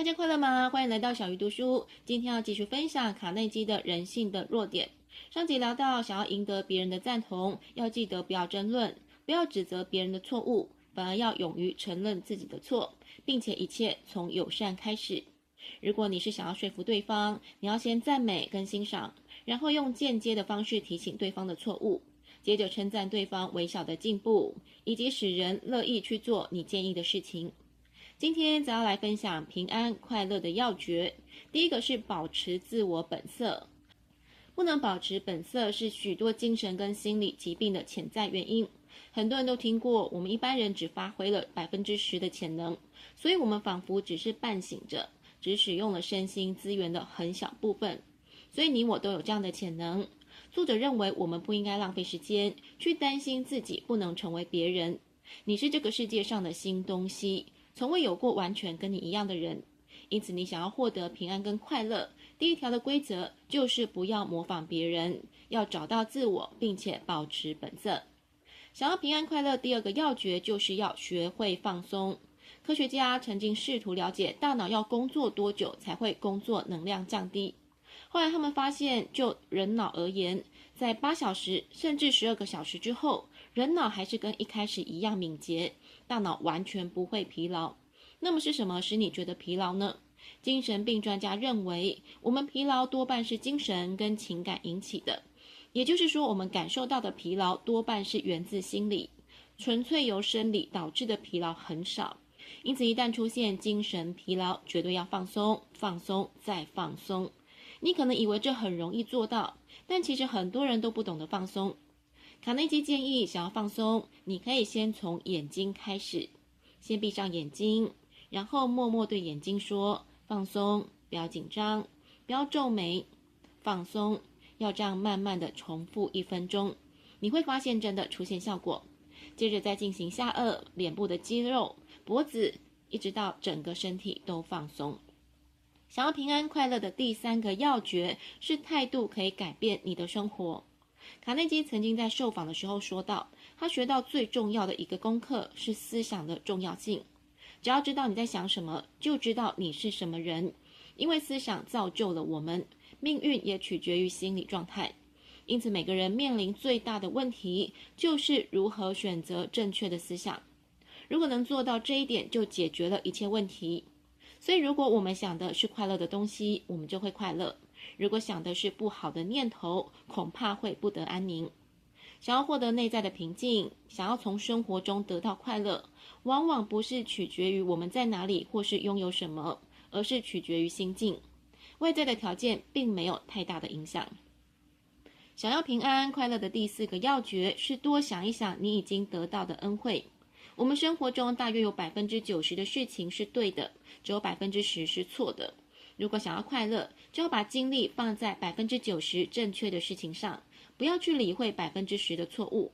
大家快樂嗎？歡迎來到小魚讀書。今天要繼續分享卡內基的人性的弱點。上集聊到，想要贏得別人的贊同，要記得不要爭論，不要指責別人的錯誤，反而要勇於承認自己的錯，並且一切從友善開始。如果你是想要說服對方，你要先讚美跟欣賞，然後用間接的方式提醒對方的錯誤，接着稱讚對方微小的進步，以及使人樂意去做你建議的事情。今天則要來分享平安快樂的要訣。第一個是保持自我本色，不能保持本色是許多精神跟心理疾病的潛在原因。很多人都聽過，我們一般人只發揮了百分之十的潛能，所以我們仿佛只是半醒着，只使用了身心資源的很小部分。所以你我都有這樣的潛能。作者認為，我們不應該浪費時間去擔心自己不能成為別人。你是這個世界上的新東西。從未有過完全跟你一樣的人，因此你想要獲得平安跟快樂，第一條的規則就是不要模仿別人，要找到自我，並且保持本色。想要平安快樂，第二個要訣就是要學會放鬆。科學家曾經試圖了解大腦要工作多久才會工作能量降低，後來他們發現，就人腦而言，在八小時甚至十二個小時之後，人腦還是跟一開始一樣敏捷。大腦完全不會疲勞，那麼是什麼使你覺得疲勞呢？精神病專家認為，我們疲勞多半是精神跟情感引起的，也就是說，我們感受到的疲勞多半是源自心理，純粹由生理導致的疲勞很少。因此，一旦出現精神疲勞，絕對要放鬆、放鬆再放鬆。你可能以為這很容易做到，但其實很多人都不懂得放鬆。卡內基建議：想要放鬆，你可以先從眼睛開始，先閉上眼睛，然後默默對眼睛說：“放鬆，不要緊張，不要皺眉，放鬆。”要這樣慢慢的重複一分鐘，你會發現真的出現效果。接着再進行下顎、臉部的肌肉、脖子，一直到整個身體都放鬆。想要平安快樂的第三個要訣是態度，可以改變你的生活。卡內基曾經在受訪的時候說到，他學到最重要的一個功課是思想的重要性。只要知道你在想什麼，就知道你是什麼人，因為思想造就了我們，命運也取決於心理狀態。因此，每個人面臨最大的問題就是如何選擇正確的思想。如果能做到這一點，就解決了一切問題。所以，如果我們想的是快樂的東西，我們就會快樂。如果想的是不好的念頭，恐怕會不得安寧。想要獲得內在的平靜，想要從生活中得到快樂，往往不是取決於我們在哪裡或是擁有什麼，而是取決於心境。外在的條件並沒有太大的影響。想要平安快樂的第四個要訣是多想一想你已經得到的恩惠。我們生活中大約有百分之九十的事情是對的，只有百分之十是錯的。如果想要快樂，就要把精力放在百分之九十正確的事情上，不要去理會百分之十的錯誤。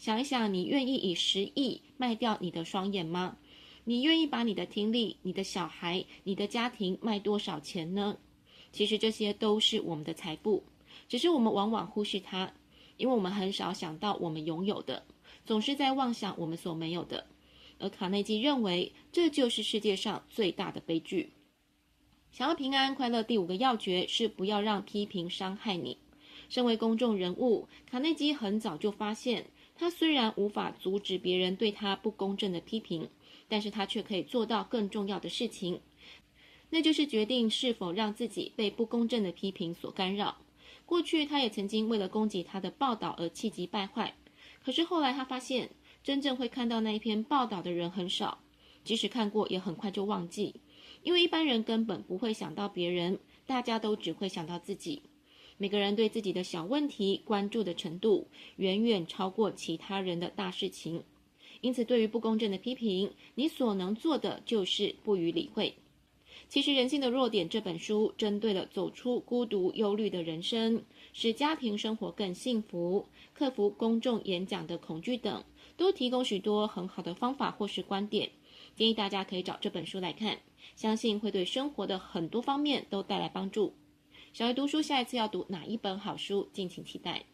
想一想，你願意以十億賣掉你的雙眼嗎？你願意把你的聽力、你的小孩、你的家庭賣多少錢呢？其實這些都是我們的財富，只是我們往往忽視它，因為我們很少想到我們擁有的，總是在妄想我們所沒有的。而卡內基認為，這就是世界上最大的悲劇。想要平安快樂，第五個要訣是不要讓批評傷害你。身為公眾人物，卡內基很早就發現，他雖然無法阻止別人對他不公正的批評，但是他卻可以做到更重要的事情，那就是決定是否讓自己被不公正的批評所干擾。過去，他也曾經為了攻擊他的報道而氣急敗壞，可是後來他發現，真正會看到那一篇報道的人很少，即使看過，也很快就忘記。因為一般人根本不會想到別人，大家都只會想到自己。每個人對自己的小問題關注的程度，遠遠超過其他人的大事情。因此，對於不公正的批評，你所能做的就是不予理會。其實，《人性的弱點》這本書針對了走出孤獨憂慮的人生，使家庭生活更幸福，克服公眾演講的恐懼等，都提供許多很好的方法或是觀點。建議大家可以找這本書來看，相信會對生活的很多方面都帶來幫助。小魚讀書下一次要讀哪一本好書，敬請期待。